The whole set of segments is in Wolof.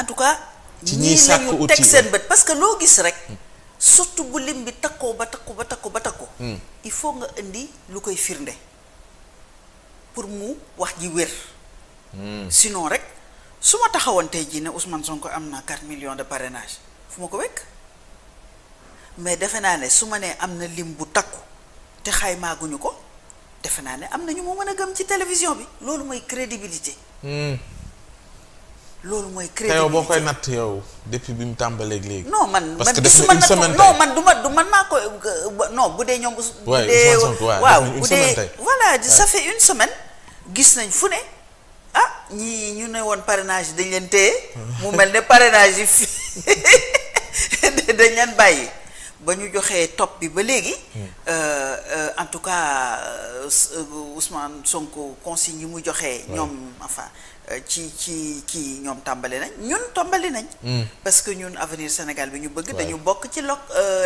en tout cas. ci ñiy sàkk ñii la ñu teg seen bët parce que loo gis rek. Hmm. surtout bu lim bi takkoo ba takku ba takku ba takku. Hmm. il faut nga indi lu koy firnde pour mu wax ji wér. Hmm. sinon rek su ma taxawoon tey jii ne Ousmane Sonko am na 4 million de parrainage fu ma ko wekk mais defe naa ne su ma nee am na lim bu takku te xaymaaguñu ko defe naa ne am na ñu mu mën a gëm ci télévision bi loolu mooy crédibilité. loolu mooy crédit yow boo koy natt yow depuis bi mu tàmbaleeg léegi. non man parce que def na une semaine man du ma du man maa ko non bu dee ñoom. bu dee waaw bu dee voilà ça fait une semaine. gis nañ fu ne ah ñi ñu ne woon parrainage dañ leen téye mu mel ne parrainage yi dañ leen bàyyi. ba ñu joxee topp bi ba léegi. Hmm. Euh, euh, en tout cas euh, Ousmane Sonko consigne yi mu joxee ñoom enfin ci ci kii ñoom tàmbali nañ ñun tàmbali nañ. Hmm. parce que ñun avenir Sénégal bi ñu bëgg. dañu bokk ci lo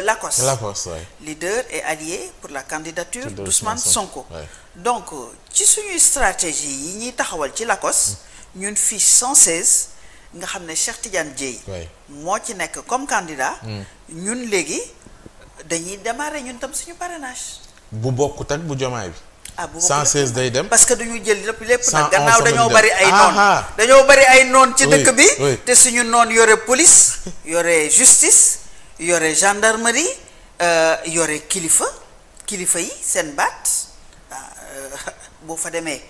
Lacoste. Lacoste leader et allié pour la candidature d'Ousmane Sonko. donc ci suñuy stratégie yi ñuy taxawal ci Lacoste. Hmm. ñun fii sans cesse nga xam ne Cheikh Tidiane Dieye. moo ci nekk comme candidat. ñun léegi. dañuy démarrer ñun tam suñu parenage bu bokkut ak bu jomaay bi. ah bu 116 day dem parce que duñu jël lépp lépp nag gannaaw dañoo bari ay noon ah, ah. dañoo bari ay noon ci dëkk bi te suñu noon yore police yore justice yore gendarmerie euh, yore kilifa kilifa yi seen baat ah, euh, boo fa demee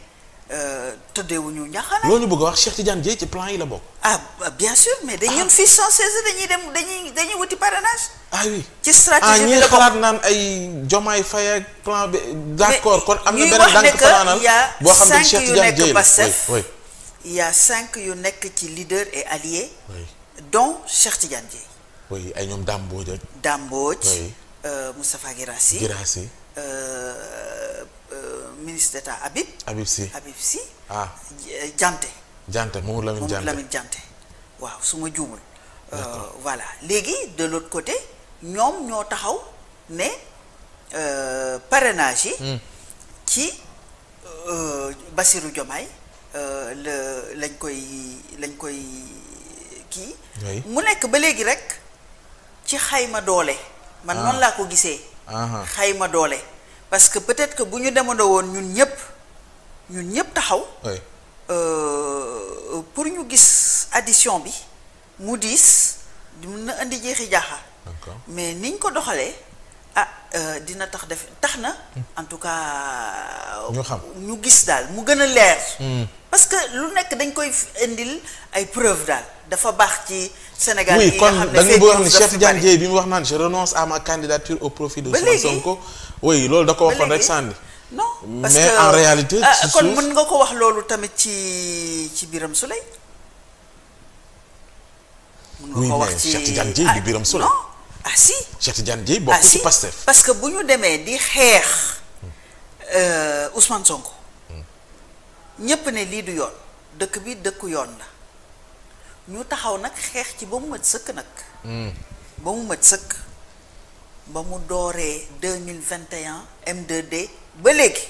Euh, tëddeewuñu ñaxana. loolu bëgg a wax Cheikh Tidiane Dièye ci plan yi la bokk. ah bien sûr mais dañ ñun ah. fii sans cesse dañuy dem dañuy dañuy wuti parrainage. ah oui ci stratégie ah, bi la xalaat naan ay Jomaay Faye ak plan bi. d'accord kon am na benn boo xam ne Cheikh Tidiane Dièye la oui il y cinq yu nekk ci leader et allié. oui dont Cheikh Tidiane Dièye. ay ñoom Dame Mbodj. Dame Mbodj. oui euh, Moustapha euh, Euh, ministre d'État Habib. Habib Sy Habib Sy. ah Jante. Jante Mamadou Lamine Jante Mamadou Jante waaw su ma juumul. Euh, voilà léegi de l'autre côté ñoom ñoo taxaw ne euh, parrainage yi. Hmm. ci Bassirou Diomaye la lañ koy lañ koy kii. mu nekk ba léegi rek ci xayma doole. man ah. noonu laa ko gisee. Ah. xayma doole. parce que peut-être que bu ñu demandoo woon ñun ñëpp ñun ñëpp taxaw. Euh, pour ñu gis addition bi mu diis mun na indi jeexi jaaxa. mais niñ ko doxalee ah euh, dina tax def tax na. Hmm. en tout cas. ñu xam ñu gis daal mu gën a leer. Hmm. lu nekk dañ koy indil ay preuve daal dafa baax ci Sénégal yi kon da nga bëgg wax ne Cheikh Tidiane bi mu wax naan je renonce à ma candidature au profit de Ousmane Sonko oui loolu da ko waxoon rek sànni non parce mais en réalité ah, kon mën nga ko wax loolu tamit ci ci Birame Souleye mën nga ko wax ci Cheikh Tidiane Dièye du ah, Birame Souleye ah si Cheikh Tidiane ah, parce que bu ñu demee di xeex euh, Ousmane Sonko ñépp ne lii du yoon dëkk bi dëkku yoon la ñu taxaw nag xeex ci ba mu mat sëkk nag hmm. ba mu mat sëkk ba mu dooree 2021 M2D ba léegi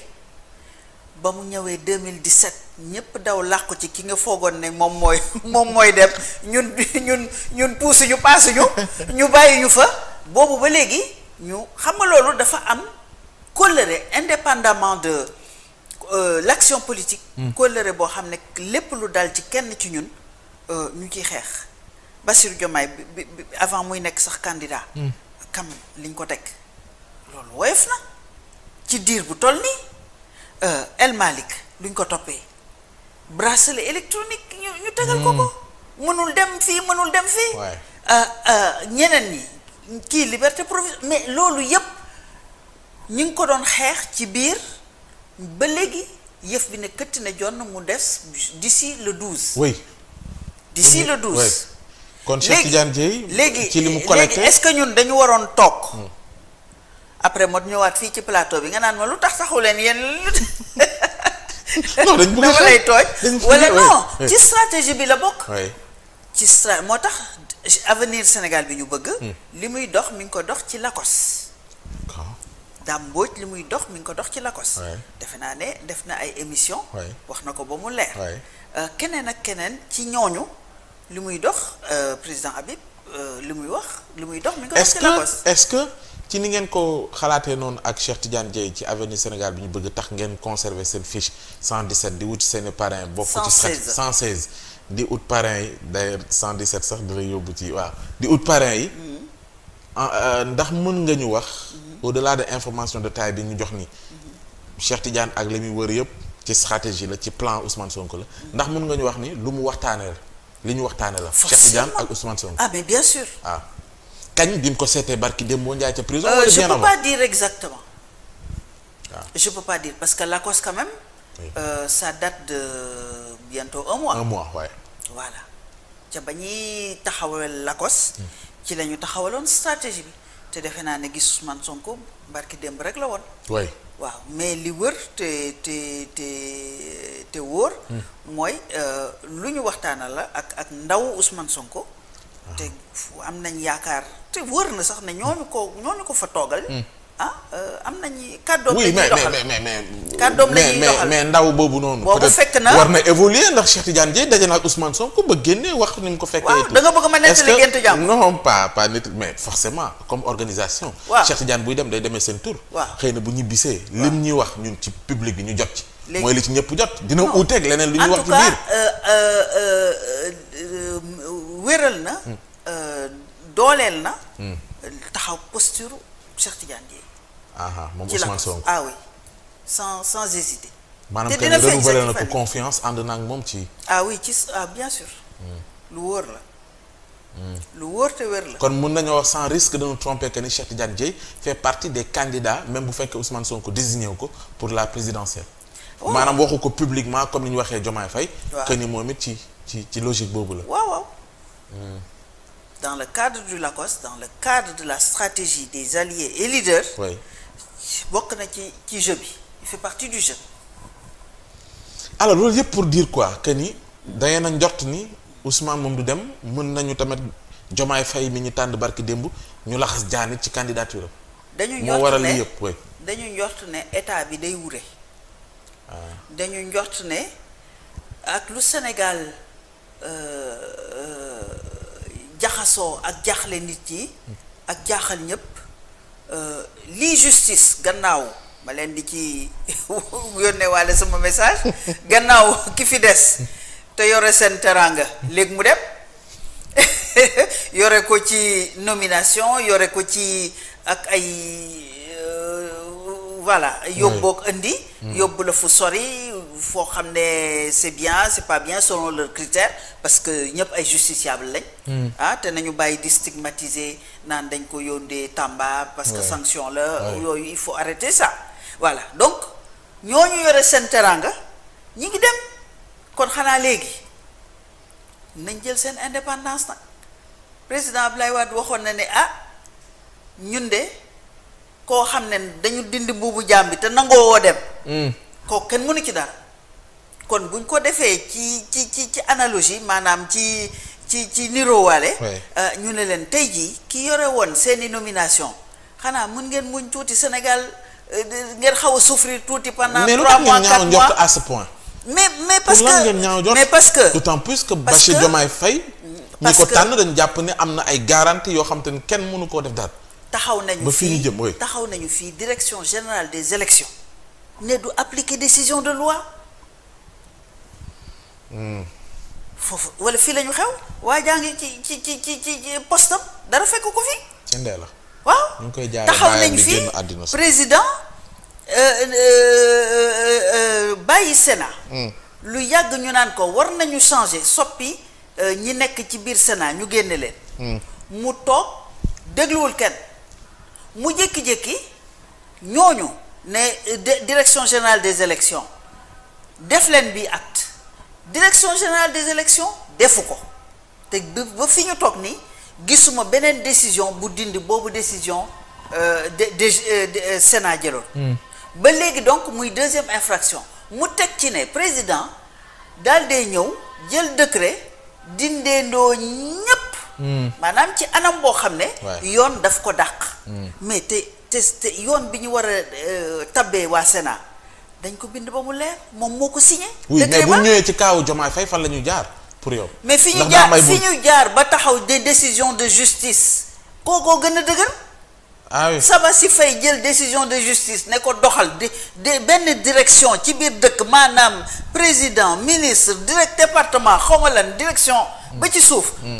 ba mu ñëwee 2017 ñëpp daw làqu ci ki nga foogoon ne moom mooy moom mooy dem ñun ñun puusi ñu paasi ñu ñu bàyyi ñu fa boobu ba léegi ñu xam nga loolu dafa am colère indépendamment de Euh, l'action politique. Hmm. kóllëre boo xam ne lépp lu dal ci kenn ci ñun euh, ñu ciy xeex Bassirou Diomaye avant muy nekk sax candidat. Hmm. kam liñ ko teg loolu woyof na ci diir bu toll nii euh, El luñ ko toppee bracelet électronique ñu ñu ko hmm. ko. mënul dem fii mënul dem fii. ñeneen ñi kii liberté provisoire mais loolu yépp ñu ngi ko doon xeex ci biir. ba léegi yëf bi ne këtt na jonn mu des d'ici le 12. oui d'ici le 12. oui kon Cheikh Tidiane léegi ci li mu collecté léegi que ñun dañu waroon toog. Hmm. après moo ñëwaat fii ci plateau bi nga naan ma lu tax saxu leen yéen. non dañ bëgg a lay tooj wala non ci stratégie bi la bokk. ci stra moo tax avenir Sénégal bi ñu bëgg. Hmm. li muy dox mi ngi ko dox ci lakos. Dame li muy dox mi ngi ko dox ci Lagos. defe naa ne def na ay émission wax na ko ba mu leer. Euh, keneen ak keneen ci ñooñu li muy dox euh, président Habib euh, li muy wax li muy dox mi ngi dox ci Lagos est-ce que ci ni ngeen ko xalaatee noonu ak Cheikh Tidiane Dieye ci avenir Sénégal bi ñu bëgg tax ngeen conserver seen fiche 117 di wut seen parrain bokk ci 116 di wut parrain yi d'ailleurs 117 sax dina yóbbu ci waa di wut parrain yi mm-hmm. ndax mën nga ñu wax mm-hmm. au delà de information de taille bi ñu jox ni Cheikh Tidiane ak la muy wër yëpp ci stratégie la ci plan Ousmane Sonko la ndax mun nga ñu wax ni lu mu waxtaanee la li ñu waxtaanee la Cheikh Tidiane ak Ousmane Sonko ah mais bien sûr ah kañ bi mu ko seetee barki dem boo njaay ca prison euh, wala bien avant je peux pas dire waaw ah. je peux pas dire parce que la cause quand même euh, ça date de bientôt un waaye ouais. ca ba ñuy taxawal la hmm. ci la ñu taxawaloon stratégie bi te defe naa ne gis Ousmane Sonko barki démb rek la woon. oui waaw mais li wër te te te te wóor. Hmm. mooy euh, lu ñu waxtaana la ak ak ndaw usman Sonko. Ah. te am nañ yaakaar te wër na sax ne ñooñu ko ñooñu ko fa toogal. Hmm. ah euh, am nañu kàddoom la ñuy doxal oui mais mais mais kàddoom la ñuy doxal mais ndaw boobu noonu. boobu fekk na war na évoluer ndax Cheikh Tidiane Dièye daje na ak Ousmane Sonko ba génne wax ni mu ko fekkee. waaw da nga bëgg ma nettali gént jàmm non pas pas nit mais forcément comme organisation. waaw Cheikh Tidiane buy dem day demee seen tur. waaw xëy na bu ñu bisee. lim ñuy wax ñun ci public bi ñu jot ci. léegi mooy li ci ñëpp jot dina uuteeg leneen lu ñuy wax ci biir. en tout cas wéral na hmm. euh, dooleel na. Hmm. taxaw posture. Cheikh ti Dièye. ah moom Ousmane Sonko ah oui sans sans te dina feeñ sax maanaam ko confiance ànd naa ak moom ci. ah oui ci ah, hmm. lu wóor la. Hmm. lu wóor te wér la. kon mun nañoo wax sans risque de nous tromper que ni Cheikh Tidiane Dièye fait partie des candidats même bu fekkee Ousmane Sonko désigné wu ko pour la présidentielle. Oh. maanaam waxu ko publiquement comme ni ñu waxee Diomaye Faye. que ni moom it ci ci logique boobu la. waaw hmm. dans le cadre du LACOS dans le cadre de la stratégie des alliés et leaders. bokk na ci ci jeu bi fait partie du jeu. alors loolu yëpp pour dire quoi que ni dangeen na njort ni Ousmane moom du dem mën nañu tamit Jomaay Fay mi ñu tànn barki démb ñu laxas jaanit ci candidature am. dañu njort ne moo waral lii yëpp bi day wure. Ah. dañu njort ne ak lu Sénégal. Euh, jaxasoo ak jaaxle nit yi ak jaaxal ñëpp euh, lii justice gannaaw ma leen di ci yónnee waale sama message gannaaw ki fi des te yore seen teraanga léegi mu dem yore ko ci nomination yore ko ci ak ay euh, voilà yóbbook indi mm. yóbbu la fu sori foo xam ne c'est bien c'est pas bien selon leurs critères parce que ñëpp ay justiciable lañ hmm. ah te nañu bàyyi di stigmatiser naan dañ ko yónnee Tamba parce que sanction la yooyu il faut arrêter ça voilà donc ñooñu yore seen teraanga ñi ngi dem kon xanaa léegi nañ jël seen indépendance nag président lay Wade waxoon na ne ah ñun de koo xam ne dañu dindi buubu jaam bi te nangoo woo dem. Hmm. kooku kenn mënu ci dara. kon buñ ko defee ci ci ci ci analogie maanaam ci ci ci niroowale euh, ñu ne leen tey jii ki yore woon seeni nomination xanaa mun ngeen muñ tuuti Sénégal euh, ngeen xaw a souffrir tuuti pendant trois mois quatre mois à ce point mais mais parce que mais parce que d'autant plus que Bachir Diomaye Faye ñi ko tànn dañ jàpp ni am na ay garantie yoo xam te ne kenn mënu koo def daal taxaw nañu fii taxaw nañu fii direction général des élections ne du appliquer décision de loi foofu wala fii lañu xew waa jaa ngi ci ci ci ci ci postam dara fekk ko fi. indee la waaw ñu ngi koy jaaree taxaw nañ fi président euh, euh, euh, bàyyi Sénat. Hmm. lu yàgg ñu naan ko war nañu changer soppi ñi nekk ci biir Sénat ñu génne leen. Hmm. mu toog dégluwul kenn mu jékki-jékki ñooñu ne direction générale des élections def leen bi acte. direction générale des élections defu ko te ba fi ñu toog ni gisuma beneen décision bu dindi boobu décision de euh, de euh, euh, Sénat jëloon. Hmm. ba léegi donc muy deuxième infraction mu teg ci ne président daal dee ñëw jël décret dindeendoo ñëpp. Hmm. maanaam ci anam boo xam ne. yoon daf ko dàq. Hmm. mais te te yoon bi ñu war a tabbee waa Sénat. dañ ko bind ba mu leer moom moo ko signé. oui mais bu ñëwee ci kaawu Jomaay Fay fan lañuy jaar pour yow. mais fi ñu jaar fi ñu jaar ba taxaw des décision de justice kookoo gën a dëgër. ah oui saba si fay jël décision de justice ne ko doxal di di benn direction ci biir dëkk maanaam président ministre direct département xaw direction. ba ci suuf. Hmm.